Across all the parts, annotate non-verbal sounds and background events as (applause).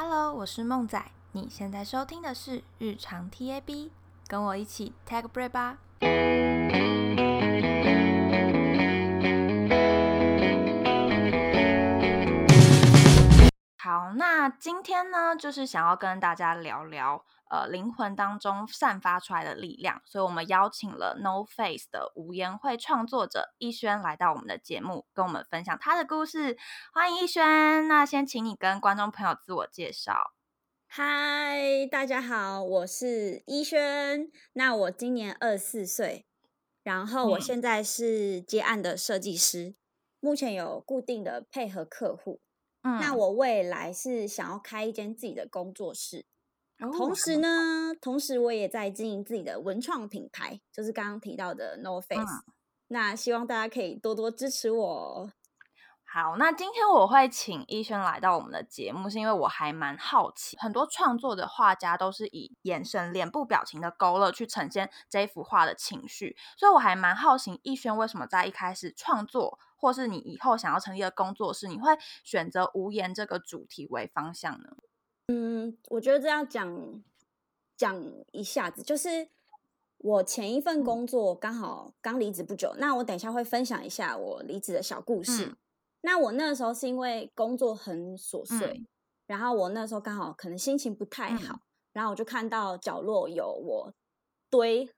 Hello，我是夢仔，你現在收聽的是日常 T A B，跟我一起 take a break 吧。好，那今天呢，就是想要跟大家聊聊，呃，靈魂當中散發出來的力量，所以我們邀請了 NoFace 的無顏繪創作者1萱來到我們的節目，跟我們分享他的故事。歡迎1萱，那先請你跟觀眾朋友自我介紹。嗨，大家好，我是1萱，那我今年二十四歲，然後我現在是接案的設計師，嗯、目前有固定的配合客戶。那我未來是想要開一間自己的工作室，哦、同時呢，同時我也在經營自己的文創品牌，就是剛剛提到的 NoFace。嗯、那希望大家可以多多支持我。好，那今天我會請1萱來到我們的節目，是因為我還蠻好奇，很多創作的畫家都是以眼神、臉部表情的勾勒去呈現這幅畫的情緒，所以我還蠻好奇1萱為什麼在一開始創作。或是你以後想要成立的工作室，你會選擇無言這個主題為方向呢？嗯，我覺得這要講講一下子，就是我前一份工作剛好剛離職不久，嗯、那我等一下會分享一下我離職的小故事。嗯、那我那時候是因為工作很瑣碎、嗯，然後我那時候剛好可能心情不太好、嗯，然後我就看到角落有我堆，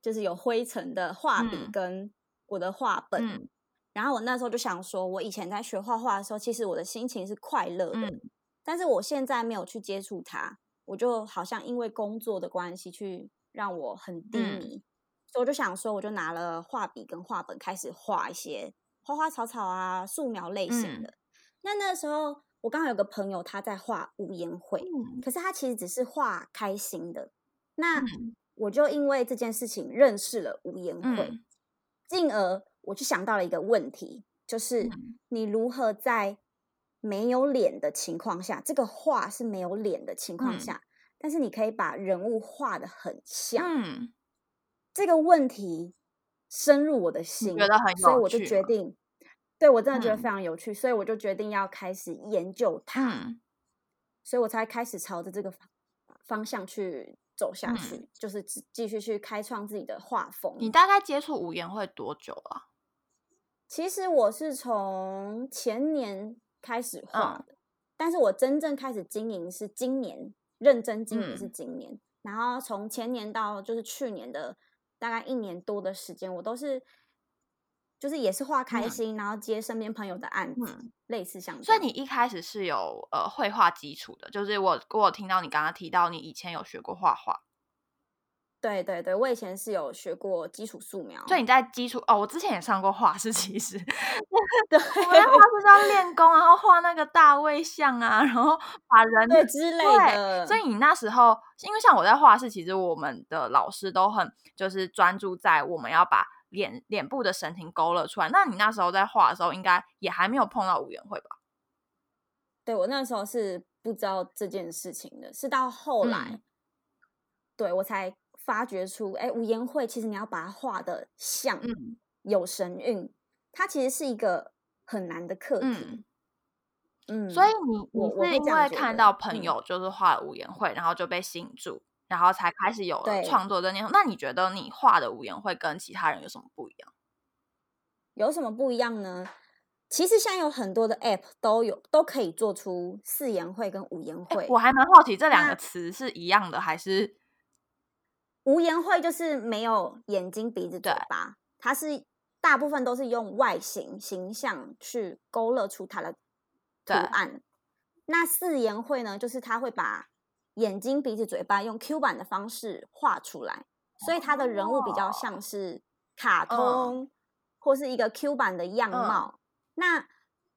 就是有灰塵的畫筆跟我的畫本。嗯嗯然後我那時候就想說，我以前在學畫畫的時候，其實我的心情是快樂的。嗯、但是我現在沒有去接觸它，我就好像因為工作的關係去讓我很低迷，嗯、所以我就想說，我就拿了畫筆跟畫本開始畫一些花花草草啊，素描類型的。嗯、那那時候我剛好有個朋友他在畫無顏繪，嗯，可是他其實只是畫開心的。那我就因為這件事情認識了無顏繪，嗯，進而。我就想到了一個問題，就是你如何在沒有臉的情況下，這個畫是沒有臉的情況下、嗯，但是你可以把人物畫得很像。嗯，這個問題深入我的心，所以我就決定，對我真的覺得非常有趣、嗯，所以我就決定要開始研究它，嗯、所以我才開始朝着這個方向去走下去，嗯、就是繼續去開創自己的畫風。你大概接觸無顏繪多久了，啊？其實我是從前年開始畫的、嗯，但是我真正開始經營是今年，認真經營是今年、嗯。然後從前年到就是去年的大概一年多的時間，我都是就是也是畫開心、嗯，然後接身邊朋友的案子，嗯、類似像。所以你一開始是有呃繪畫基礎的，就是我我有聽到你剛剛提到你以前有學過畫畫。對對對，我以前是有學過基礎素描，所以你在基礎哦，我之前也上過畫室，其實 (laughs) 對，我在畫室上練功，然後畫那個大衛像啊，然後把人對，之類的。所以你那時候，因為像我在畫室，其實我們的老師都很就是專注在我們要把臉臉部的神情勾勒出來。那你那時候在畫的時候，應該也還沒有碰到無顏繪吧？對，我那時候是不知道這件事情的，是到後來，嗯、對，我才。發掘出，哎，無顏繪其實你要把它畫的像，嗯、有神韻，它其實是一個很難的課題。嗯，嗯，所以你你是因為看到朋友就是畫無顏繪，嗯，然後就被吸引住，然後才開始有了創作的念頭。那你覺得你畫的無顏繪跟其他人有什麼不一樣？有什麼不一樣呢？其實像有很多的 App 都有都可以做出似顏繪跟無顏繪。我還蠻好奇這兩個詞是一樣的還是？無顏繪就是沒有眼睛、鼻子、嘴巴，它是大部分都是用外形、形象去勾勒出它的圖案。那似顏繪呢，就是他會把眼睛、鼻子、嘴巴用 Q 版的方式畫出來。哦，所以它的人物比較像是卡通，哦，或是一個 Q 版的樣貌。嗯、那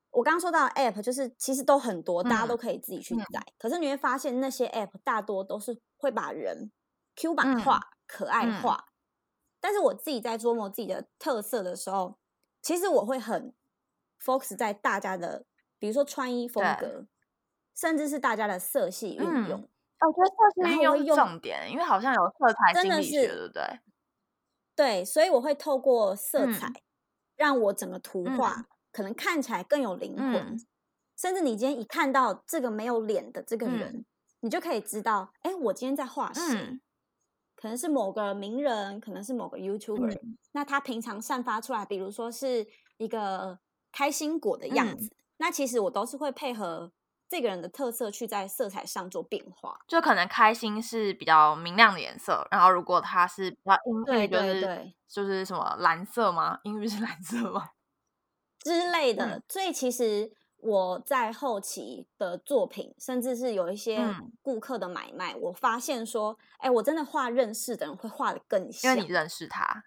我剛剛說到的 App，就是其實都很多，嗯、大家都可以自己去載，嗯。可是你會發現，那些 App 大多都是會把人。Q 版化，嗯，可愛化，嗯，但是我自己在琢磨自己的特色的時候，其實我會很 focus 在大家的，比如說穿衣風格，甚至是大家的色系運用。我覺得色系運用是重點，因為好像有色彩心理學，對不對？對，所以我會透過色彩、嗯，讓我整個圖畫、嗯，可能看起來更有靈魂、嗯。甚至你今天一看到這個沒有臉的這個人，嗯，你就可以知道，哎、欸，我今天在畫誰。嗯可能是某個名人，可能是某個 YouTuber，、嗯、那他平常散發出來，比如說是一個開心果的樣子、嗯，那其實我都是會配合這個人的特色去在色彩上做變化，就可能開心是比較明亮的顏色，然後如果他是比較陰鬱、嗯、對對對，就是什麼藍色嗎？陰鬱是藍色嗎？之類的，嗯、所以其實。我在後期的作品，甚至是有一些顧客的買賣、嗯，我發現說，哎、欸，我真的畫認識的人會畫的更像，因為你認識他，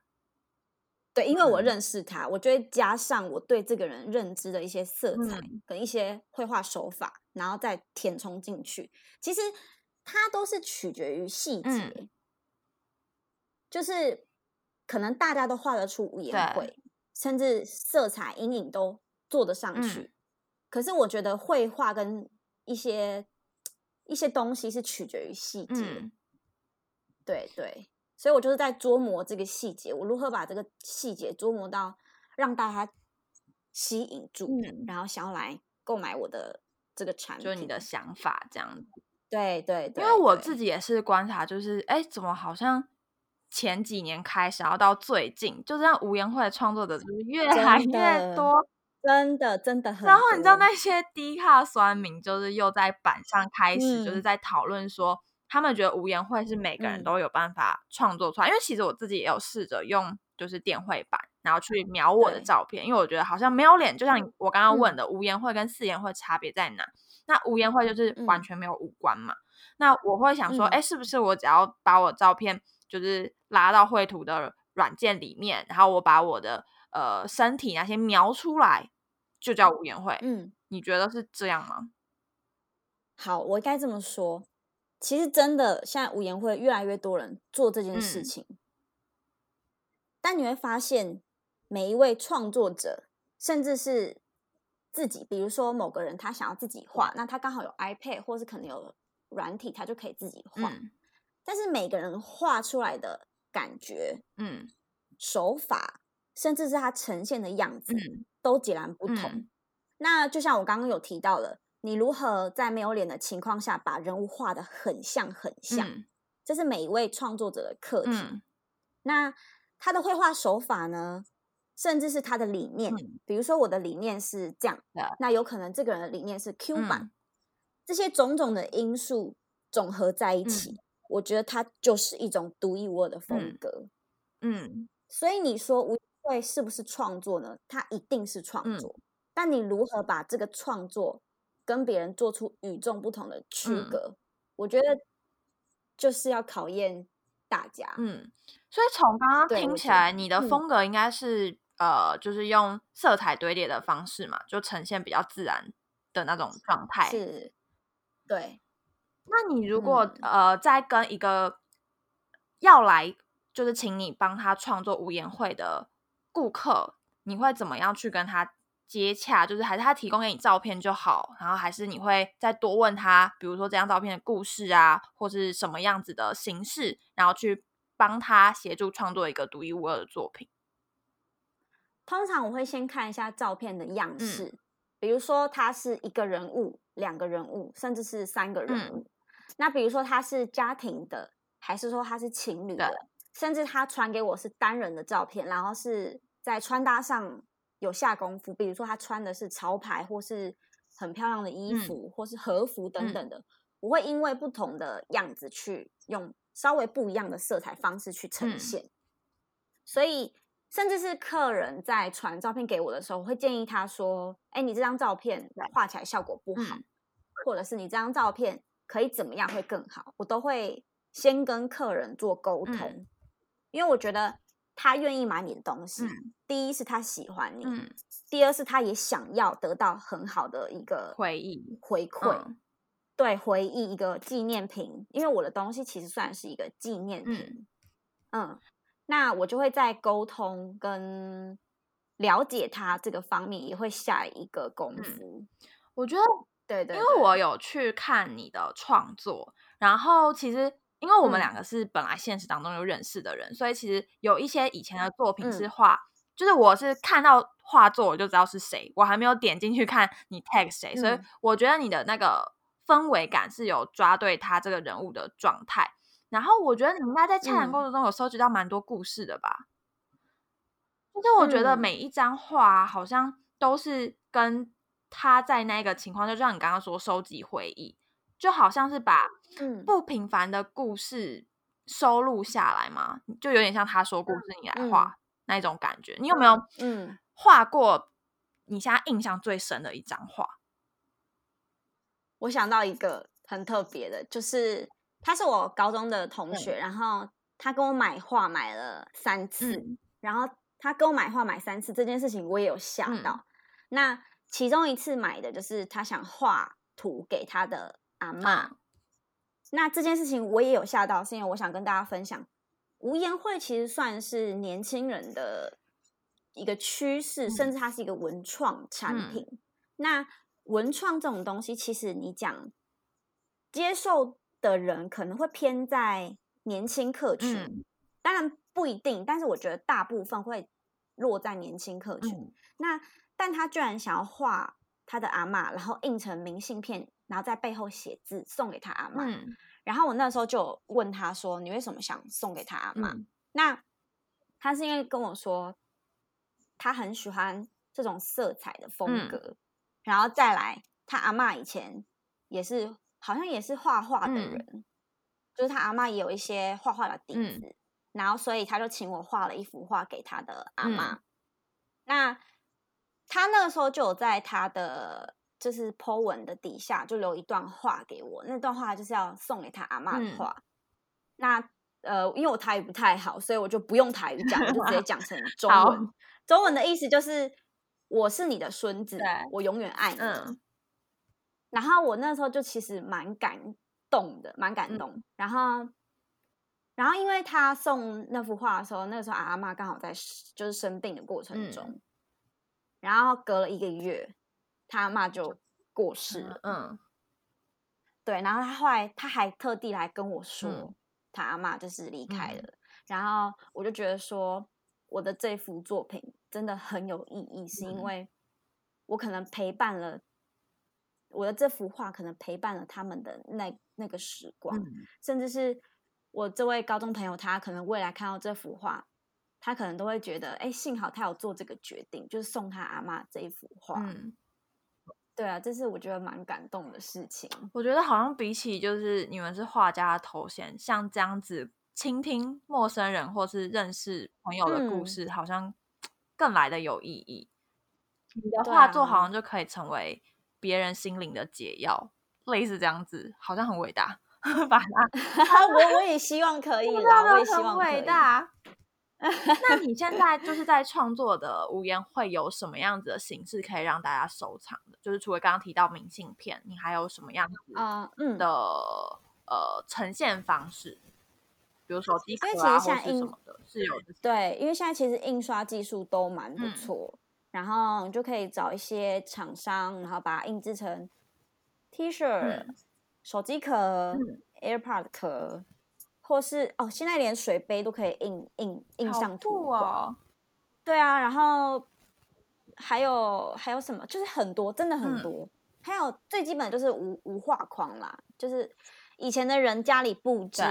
對，因為我認識他，嗯、我就會加上我對這個人認知的一些色彩跟、嗯、一些繪畫手法，然後再填充進去。其實它都是取決於細節，就是可能大家都畫得出無顏繪，甚至色彩陰影都做得上去。嗯可是我覺得繪畫跟一些一些東西是取決於細節，嗯、對對，所以我就是在琢磨這個細節，我如何把這個細節琢磨到讓大家吸引住、嗯，然後想要來購買我的這個產品。就你的想法這樣，對對對，因為我自己也是觀察，就是哎，怎麼好像前幾年開始，然後到最近，就這樣無顏繪創作的越來越、越多。真的，真的。很。然後你知道那些 Dcard 酸民就是又在板上開始，就是在討論說，他們覺得無顏繪是每個人都有辦法創作出來、嗯，因為其實我自己也有試着用，就是電繪板，然後去描我的照片，因為我覺得好像沒有臉，就像我剛剛問的，無顏繪跟似顏繪差別在哪？嗯、那無顏繪就是完全沒有五官嘛。嗯、那我會想說，哎、嗯欸，是不是我只要把我照片就是拉到繪圖的軟件裡面，然後我把我的。呃，身體那些描出來就叫無顏繪。嗯，你覺得是這樣嗎？好，我該這麼說。其實真的，現在無顏繪越來越多人做這件事情，嗯。但你會發現，每一位創作者，甚至是自己，比如說某個人他想要自己畫，嗯，那他剛好有 iPad，或是可能有軟體，他就可以自己畫，嗯。但是每個人畫出來的感覺，嗯，手法。甚至是它呈現的樣子、嗯、都截然不同、嗯。那就像我剛剛有提到了，你如何在沒有臉的情況下把人物畫得很像很像、嗯，這是每一位創作者的課題。嗯、那他的繪畫手法呢？甚至是他的理念，嗯、比如說我的理念是這樣的、嗯，那有可能這個人的理念是 Q 版，嗯、這些種種的因素總合在一起，嗯、我覺得他就是一種獨一無二的風格。嗯，嗯所以你說無。會是不是創作呢？它一定是創作、嗯，但你如何把這個創作跟別人做出與眾不同的區隔？嗯、我覺得就是要考驗大家。嗯，所以從剛剛聽起來，你的風格應該是、嗯、呃，就是用色彩堆疊的方式嘛，就呈現比較自然的那種狀態。是，對。那你如果、嗯、呃，在跟一個要來就是請你幫他創作無顏繪的。顧客，你會怎麼樣去跟他接洽？就是還是他提供給你照片就好，然後還是你會再多問他，比如說這張照片的故事啊，或是什麼樣子的形式，然後去幫他協助創作一個獨一無二的作品。通常我會先看一下照片的樣式，嗯、比如說他是一個人物、兩個人物，甚至是三個人物。嗯、那比如說他是家庭的，還是說他是情侶的？甚至他傳給我是單人的照片，然後是在穿搭上有下功夫，比如說他穿的是潮牌，或是很漂亮的衣服，或是和服等等的，嗯嗯，我會因為不同的樣子去用稍微不一樣的色彩方式去呈現。嗯、所以，甚至是客人在傳照片給我的時候，我會建議他說：“哎、欸，你這張照片畫起來效果不好，嗯、或者是你這張照片可以怎麼樣會更好？”我都會先跟客人做溝通。嗯因為我覺得他願意買你的東西，嗯、第一是他喜歡你、嗯，第二是他也想要得到很好的一個回憶回饋，回嗯、對回憶一個紀念品。因為我的東西其實算是一個紀念品，嗯，嗯那我就會在溝通跟了解他這個方面也會下一個功夫。嗯、我覺得對對，對對，因為我有去看你的創作，然後其實。因為我們兩個是本來現實當中有認識的人，嗯，所以其實有一些以前的作品是畫，嗯、就是我是看到畫作我就知道是誰，我還沒有點進去看你 tag 誰，嗯，所以我覺得你的那個氛圍感是有抓對他這個人物的狀態。然後我覺得你們在洽談過程中有收集到蠻多故事的吧？其、嗯、實我覺得每一張畫好像都是跟他在那個情況，就像你剛剛說收集回憶。就好像是把不平凡的故事收錄下來嘛，嗯，就有點像他說故事你來畫，嗯嗯，那一種感覺。你有沒有嗯畫過你現在印象最深的一張畫？我想到一個很特別的，就是他是我高中的同學，然後他跟我買畫買了三次，然後他跟我買畫買、嗯，買，買三次這件事情我也有想到，嗯。那其中一次買的就是他想畫圖給他的。阿嬤、啊，那這件事情我也有嚇到，是因為我想跟大家分享，無顏繪其實算是年輕人的一個趨勢、嗯，甚至它是一個文創產品。嗯、那文創這種東西，其實你講接受的人可能會偏在年輕客群、嗯，當然不一定，但是我覺得大部分會落在年輕客群。嗯、那但他居然想要畫他的阿嬤，然後印成明信片。然後在背後寫字送給他阿媽、嗯，然後我那時候就有問他說：“你為什麼想送給他阿媽、嗯？”那他是因為跟我說他很喜歡這種色彩的風格、嗯，然後再來他阿媽以前也是好像也是畫畫的人、嗯，就是他阿媽也有一些畫畫的底子、嗯，然後所以他就請我畫了一幅畫給他的阿媽、嗯。那他那個時候就有在他的就是 po 文的底下就留一段話給我，那段話就是要送給他阿媽的話。嗯、那呃，因為我台語不太好，所以我就不用台語講，我 (laughs) 就直接講成中文。中文的意思就是我是你的孫子，我永遠愛你、嗯。然後我那時候就其實蠻感動的，蠻感動、嗯。然後，然後因為他送那幅畫的時候，那個時候阿媽剛好在就是生病的過程中。嗯、然後隔了一個月。他阿媽就過世了，嗯，嗯，對，然後他後來他還特地來跟我說，嗯、他阿媽就是離開了、嗯。然後我就覺得說，我的這幅作品真的很有意義，嗯、是因為我可能陪伴了我的這幅畫，可能陪伴了他們的那那個時光、嗯，甚至是我這位高中朋友，他可能未來看到這幅畫，他可能都會覺得，哎、欸，幸好他有做這個決定，就是送他阿媽這一幅畫。嗯對啊，這是我覺得蠻感動的事情。我覺得好像比起就是你們是畫家的頭銜，像這樣子傾聽陌生人或是認識朋友的故事、嗯，好像更來得有意義。你的畫作好像就可以成為別人心靈的解藥，啊、類似這樣子，好像很偉大。 (laughs) (laughs) (laughs) (laughs) (laughs) (laughs) 我我也希望可以啦，我也希望偉大。 (laughs) (laughs) 那你現在就是在創作的無顏，會有什麼樣子的形式可以讓大家收藏的？就是除了剛剛提到明信片，你還有什麼樣的啊？嗯的呃呈現方式，比如說手機殼啊，或是什麼的，是有對，因為現在其實印刷技術都蠻不錯，嗯，然後你就可以找一些廠商，然後把它印製成 T 恤、嗯、手機殼、嗯、AirPod 殼。或是哦，現在連水杯都可以印印印上圖哦。對啊，然後還有還有什麼？就是很多，真的很多。嗯、還有最基本就是無無畫框啦，就是以前的人家裡布置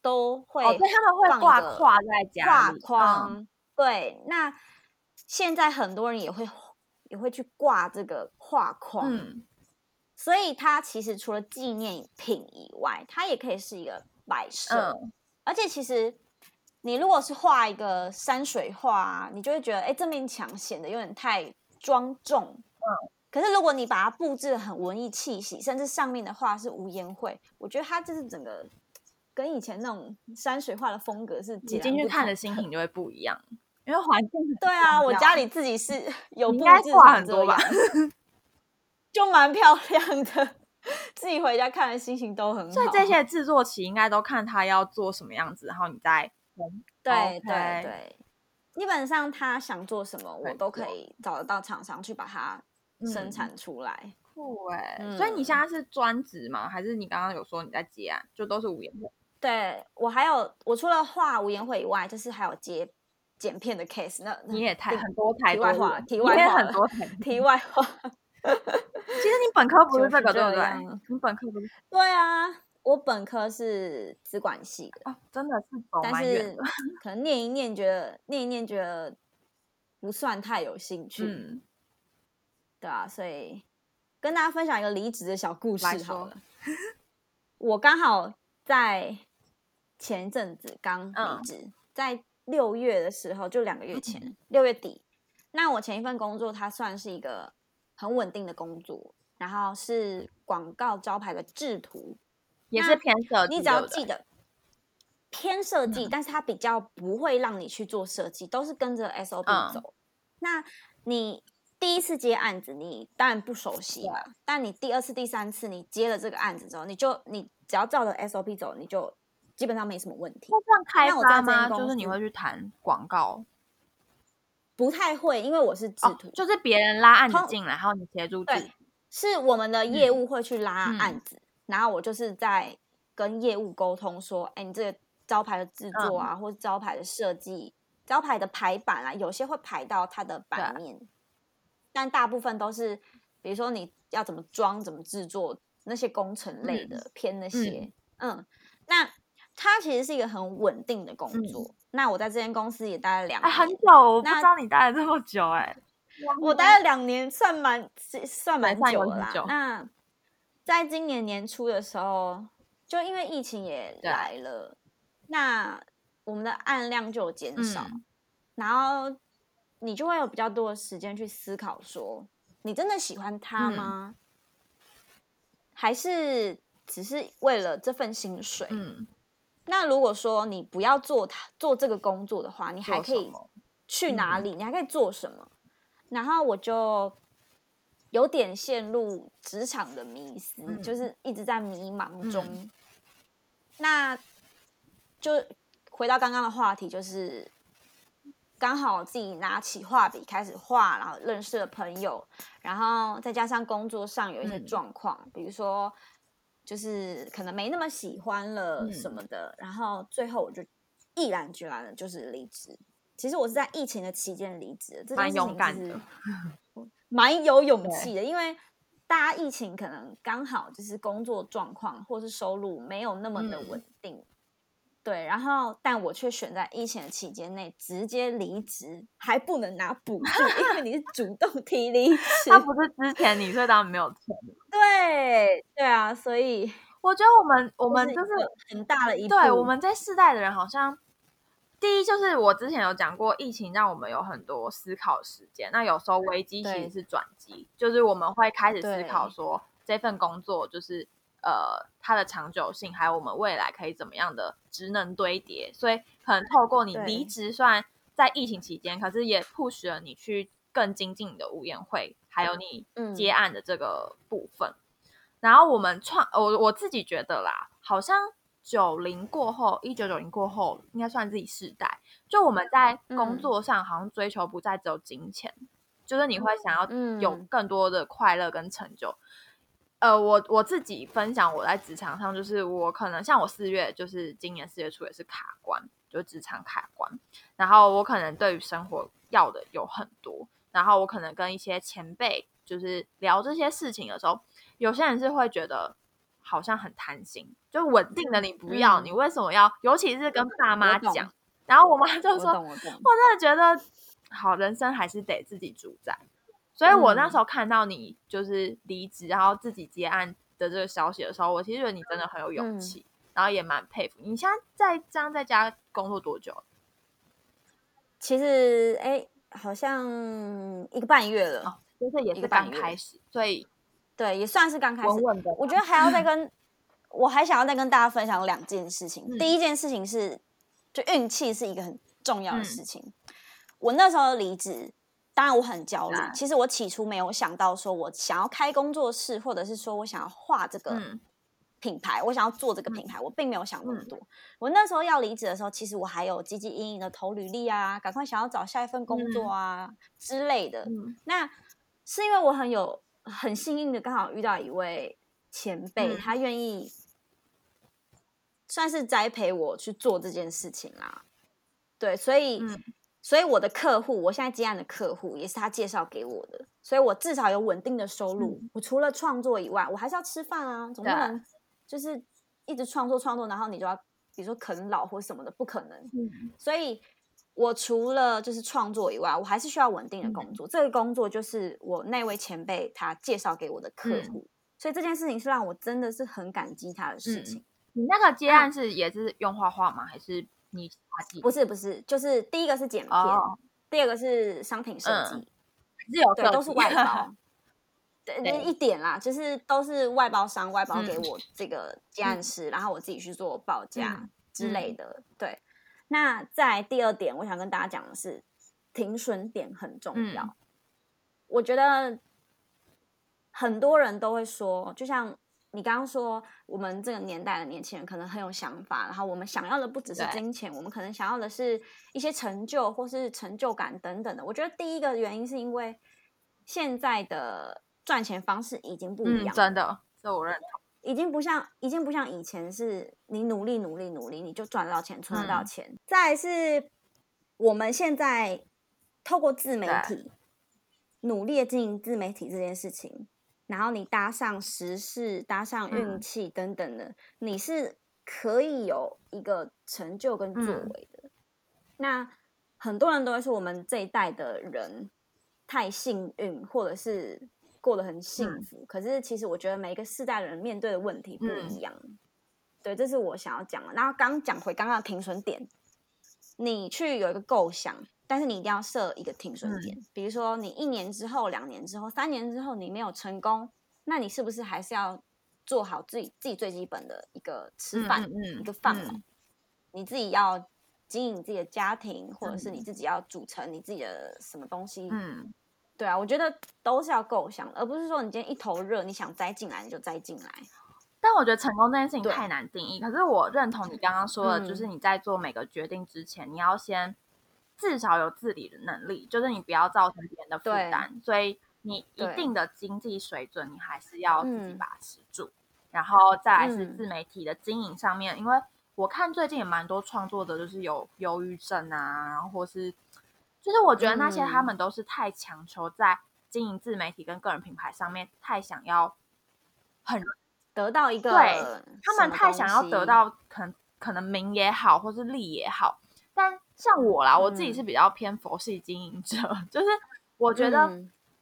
都會放個，他們會掛掛在畫框。對，那現在很多人也會也會去掛這個畫框，嗯，所以它其實除了紀念品以外，它也可以是一個擺設、嗯，而且其實你如果是畫一個山水畫，啊，你就會覺得，哎、欸，這面牆顯得有點太莊重。嗯，可是如果你把它布置得很文藝氣息，甚至上面的畫是無顏繪，我覺得它就是整個跟以前那種山水畫的風格是，你進去看的心情就會不一樣。因為環境，對啊，我家裡自己是有布置，畫很多吧， (laughs) 就蠻漂亮的。自己回家看的心情都很好，所以這些制作期應該都看他要做什麼樣子，然後你再、嗯對, okay、對對對，基本上他想做什麼，我都可以找得到廠商去把它生產出來。嗯、酷哎、欸嗯，所以你現在是專職嗎？還是你剛剛有說你在接案、啊，就都是無顏繪？對我還有，我除了畫無顏繪以外，就是還有接剪片的 case 那。那你也太很多台，外話，題外很多台多話，題外話。嗯 (laughs) 其實你本科不是，在搞是這個，對不對？你本科不是對啊，我本科是直管系的、哦，真的是的，但是可能念一念，覺得念一念，覺得不算太有興趣，嗯、對啊。所以跟大家分享一個離職的小故事好了。 (laughs) 我剛好在前一陣子剛離職，嗯、在六月的時候，就兩個月前，六、嗯、月底。那我前一份工作，它算是一個。很穩定的工作，然後是廣告招牌的製圖，也是偏設計。你只要記得偏設計、嗯，但是他比較不會讓你去做設計，都是跟着 SOP 走、嗯。那你第一次接案子，你當然不熟悉了、嗯。但你第二次、第三次你接了這個案子之後，你就你只要照着 SOP 走，你就基本上沒什麼問題。那算開發嗎？就是你會去談廣告。不太會，因為我是製圖、哦，就是別人拉案子進來，然後你協助製。對，是我們的業務會去拉案子，嗯、然後我就是在跟業務溝通說：“哎、嗯，欸、你這個招牌的製作啊，嗯、或者招牌的設計、招牌的排版啊，有些會排到它的版面，但大部分都是，比如說你要怎麼裝、怎麼製作那些工程類的、嗯、偏那些，嗯，嗯那。”它其實是一個很穩定的工作。嗯、那我在這間公司也待了兩年、啊、很久，我不知道你待了這麼久、欸，哎，我待了兩年算滿，算蠻算蠻久的啦。那在今年年初的時候，就因為疫情也來了，那我們的案量就有減少、嗯，然後你就會有比較多的時間去思考說：說你真的喜歡他嗎、嗯？還是只是為了這份薪水？嗯那如果說你不要做它做這個工作的話，你還可以去哪裡？你還可以做什麼、嗯？然後我就有點陷入職場的迷思、嗯，就是一直在迷茫中。嗯、那就回到剛剛的話題，就是剛好我自己拿起畫筆開始畫，然後認識了朋友，然後再加上工作上有一些狀況、嗯，比如說。就是可能沒那麼喜歡了什麼的，嗯、然後最後我就毅然決然的就是離職。其實我是在疫情的期間離職的，這、就是、蠻勇敢的，蠻有勇氣的，因為大家疫情可能剛好就是工作狀況或是收入沒有那麼的穩定。嗯嗯對，然後但我卻選在疫情的期間內直接離職，還不能拿補助，因為你是主動提離職， (laughs) (laughs) 他不是之前你，所以當然沒有錢。 (laughs) 對，對啊，所以我覺得我們我們就是、就是、很大的一。對，我們這世代的人好像，第一就是我之前有講過，疫情讓我們有很多思考時間。那有時候危機其實是轉機，就是我們會開始思考說，這份工作就是。呃，它的長久性，還有我們未來可以怎麼樣的職能堆疊，所以可能透過你離職，算，在疫情期間，可是也 push 了你去更精進你的無顏繪，還有你接案的這個部分。嗯、然後我們創，我我自己覺得啦，好像九零過後，一九九零過後，應該算 Z 世代。就我們在工作上，好像追求不再只有金錢、嗯，就是你會想要有更多的快樂跟成就。嗯嗯呃，我我自己分享我在職場上，就是我可能像我四月，就是今年四月初也是卡關，就是職場卡關。然後我可能對於生活要的有很多，然後我可能跟一些前輩就是聊這些事情的時候，有些人是會覺得好像很貪心，就穩定的你不要、嗯，你為什麼要？尤其是跟爸媽講，然後我媽就說我懂，我懂：“我真的覺得好，人生還是得自己主宰。”所以我那時候看到你就是離職，然後自己接案的這個消息的時候，嗯、我其實覺得你真的很有勇氣、嗯，然後也蠻佩服。你現在這樣在家工作多久？其實哎、欸，好像一個半月了，哦、就是也是剛開始，所以對也算是剛開始文文文。我覺得還要再跟、嗯、我還想要再跟大家分享兩件事情、嗯。第一件事情是，就運氣是一個很重要的事情。嗯、我那時候離職。當然我很焦慮、啊。其實我起初沒有想到，說我想要開工作室，或者是說我想要畫這個品牌，嗯、我想要做這個品牌，嗯、我並沒有想那麼多、嗯。我那時候要離職的時候，其實我還有汲汲營營的投履歷啊，趕快想要找下一份工作啊、嗯、之類的、嗯。那是因為我很有很幸運的，剛好遇到一位前輩、嗯，他願意算是栽培我去做這件事情啦、啊。對，所以。嗯所以我的客戶，我現在接案的客戶也是他介紹給我的，所以我至少有穩定的收入。嗯、我除了創作以外，我還是要吃飯啊，總不能，就是一直創作創作，然後你就要，比如說啃老或什麼的，不可能。嗯、所以，我除了就是創作以外，我還是需要穩定的工作、嗯。這個工作就是我那位前輩他介紹給我的客戶、嗯，所以這件事情是讓我真的是很感激他的事情。嗯、你那個接案是也是用畫畫嗎、嗯？還是？你不是不是，就是第一個是剪片，oh. 第二個是商品設計，uh, 對是都是外包， (laughs) 對,對一點啦，就是都是外包商外包給我這個接案師、嗯，然後我自己去做報價之類的。嗯、對，那在第二點，我想跟大家講的是，停損點很重要、嗯。我覺得很多人都會說，就像。你剛剛說，我們這個年代的年輕人可能很有想法，然後我們想要的不只是金錢，我們可能想要的是一些成就或是成就感等等的。我覺得第一個原因是因為現在的賺錢方式已經不一樣了、嗯，真的、哦，這我認同已經不像，已經不像以前是你努力努力努力你就賺得到錢存得到錢。到錢嗯、再是，我們現在透過自媒體努力的經營自媒體這件事情。然後你搭上時事，搭上運氣等等的、嗯，你是可以有一個成就跟作為的。嗯、那很多人都會說我們這一代的人太幸運，或者是過得很幸福、嗯。可是其實我覺得每一個世代的人面對的問題不一樣。嗯、對，這是我想要講的。然後剛講回剛剛的平衡點，你去有一個構想。但是你一定要設一個停損點，比如說你一年之後、兩年之後、三年之後，你沒有成功，那你是不是還是要做好自己自己最基本的一個吃飯、嗯嗯、一個飯、嗯、你自己要經營自己的家庭、嗯，或者是你自己要組成你自己的什麼東西？嗯，對啊，我覺得都是要構想，而不是說你今天一頭熱，你想栽進來你就栽進來。但我覺得成功這件事情太難定義，可是我認同你剛剛說的、嗯，就是你在做每個決定之前，你要先。至少有自理的能力，就是你不要造成別人的負擔，所以你一定的經濟水準，你還是要自己把持住、嗯。然後再來是自媒體的經營上面，嗯、因為我看最近也蠻多創作者，就是有憂鬱症啊，然後或是，就是我覺得那些他們都是太強求在經營自媒體跟個人品牌上面，太想要很得到一個，對，他們太想要得到，可能可能名也好，或是利也好，但。像我啦，我自己是比較偏佛系經營者、嗯，就是我覺得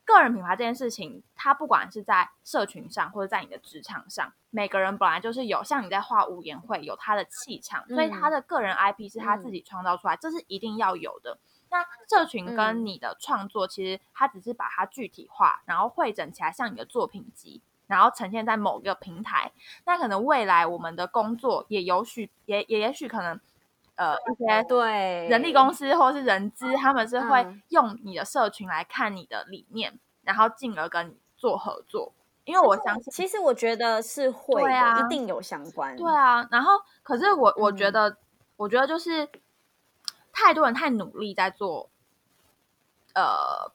個人品牌這件事情，嗯、它，不管是在社群上，或者在你的職場上，每個人本來就是有像你在畫無顏，會有他的氣場、嗯，所以他的個人 IP 是他自己創造出來、嗯，這是一定要有的。那社群跟你的創作，其實它只是把它具體化，嗯、然後匯整起來，像你的作品集，然後呈現在某一個平台。那可能未來我們的工作也有許也，也也也許可能。呃，一些對人力公司或是人資，他們是會用你的社群來看你的理念，嗯，然後進而跟你做合作。因為我相信，其實我覺得是會對啊，一定有相關。對啊，然後可是我我覺得，嗯，我覺得就是太多人太努力在做，呃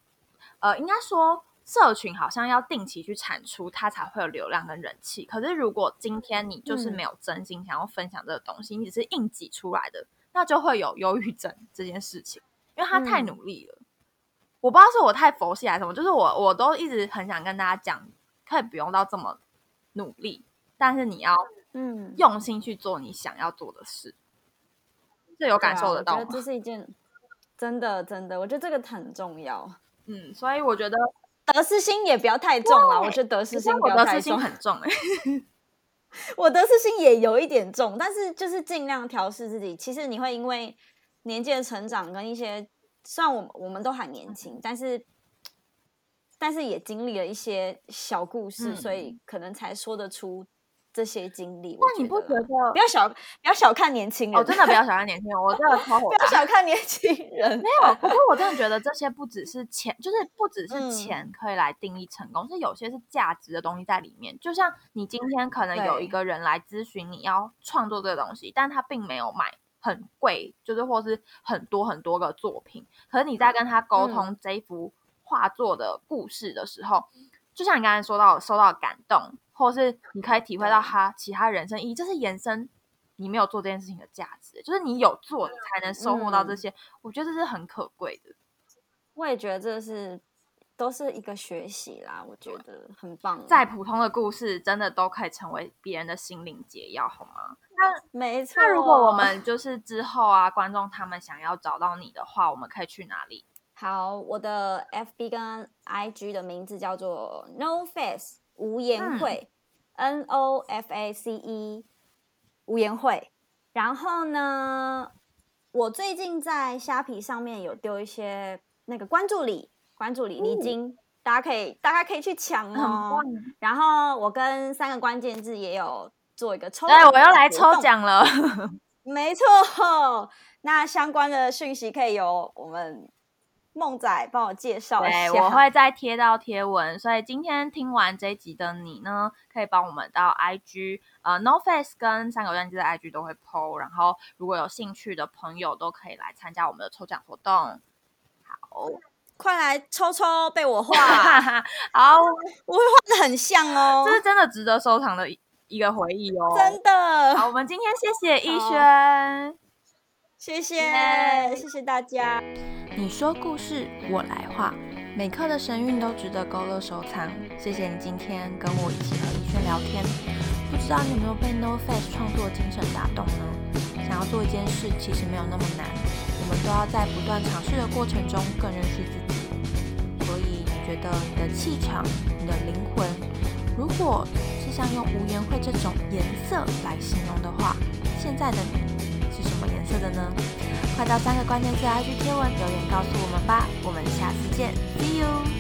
呃，應該說。社群好像要定期去產出，它才會有流量跟人氣。可是如果今天你就是沒有真心想要分享這個東西，嗯、你只是硬擠出來的，那就會有憂鬱症這件事情，因為他太努力了、嗯。我不知道是我太佛系還是什麼，就是我我都一直很想跟大家講，可以不用到這麼努力，但是你要嗯用心去做你想要做的事，就、嗯、有感受得到嗎？啊、我覺得這是一件真的真的，我覺得這個很重要。嗯，所以我覺得。得失心也不要太重了，欸，我覺得得失心不要太重，很重、欸、 (laughs) 我得失心也有一點重，但是就是盡量調適自己。其實你會因為年紀的成長跟一些，雖然我我們都還年輕，但是但是也經歷了一些小故事，嗯，所以可能才說得出。這些經歷，那你不覺得不要小小看年輕人？哦、真的比較小看年輕人 (laughs) 我真的,的 (laughs) 不要小看年輕人，我真的超火。不要小看年輕人，沒有。不過我真的覺得這些不只是錢， (laughs) 就是不只是錢可以來定義成功，嗯、是有些是價值的東西在裡面。就像你今天可能有一個人來諮詢你要創作這個東西、嗯，但他並沒有買很貴，就是或是很多很多個作品。可是你在跟他溝通這幅畫作的故事的時候，嗯嗯、就像你剛才說到受到感動。或是你可以體會到他其他人生意義，就是延伸你沒有做這件事情的價值，就是你有做你才能收穫到這些。嗯，我覺得這是很可貴的。我也覺得這是都是一個學習啦，我覺得很棒。再普通的故事，真的都可以成為別人的心靈解藥，好嗎？那沒錯。那如果我們就是之後啊，觀眾他們想要找到你的話，我們可以去哪裡？好，我的 FB 跟 IG 的名字叫做 No Face。無顏繪，嗯、N O F A C E，無顏繪。然後呢，我最近在蝦皮上面有丟一些那個關注禮、關注禮禮金，嗯，大家可以大家可以去搶哦，嗯。然後我跟三個關鍵字也有做一個抽，對我要來抽獎了， (laughs) 沒錯。那相關的訊息可以由我們。夢仔幫我介紹一下，我會再貼到貼文。所以今天聽完這一集的你呢，可以幫我們到 IG、呃、NoFace 跟三個關鍵字的 IG 都會 PO。然後如果有興趣的朋友，都可以來參加我們的抽獎活動。好，快來抽抽被我畫。 (laughs) 好， (laughs) 我會畫得很像哦，這是真的值得收藏的一個回憶哦。真的，好，我們今天謝謝1萱。謝謝，yeah, 謝謝大家。你說故事，我來畫，每刻的神韻都值得勾勒收藏。謝謝你今天跟我一起和1萱聊天，不知道你有沒有被 No Face 創作精神打動呢？想要做一件事，其實沒有那麼難。我們都要在不斷嘗試的過程中更認識自己。所以，你覺得你的氣場、你的靈魂，如果是像用無顏繪這種顏色來形容的話，現在的你，的呢？快到三個關鍵字，IG 貼文留言告訴我們吧！我們下次見，See you。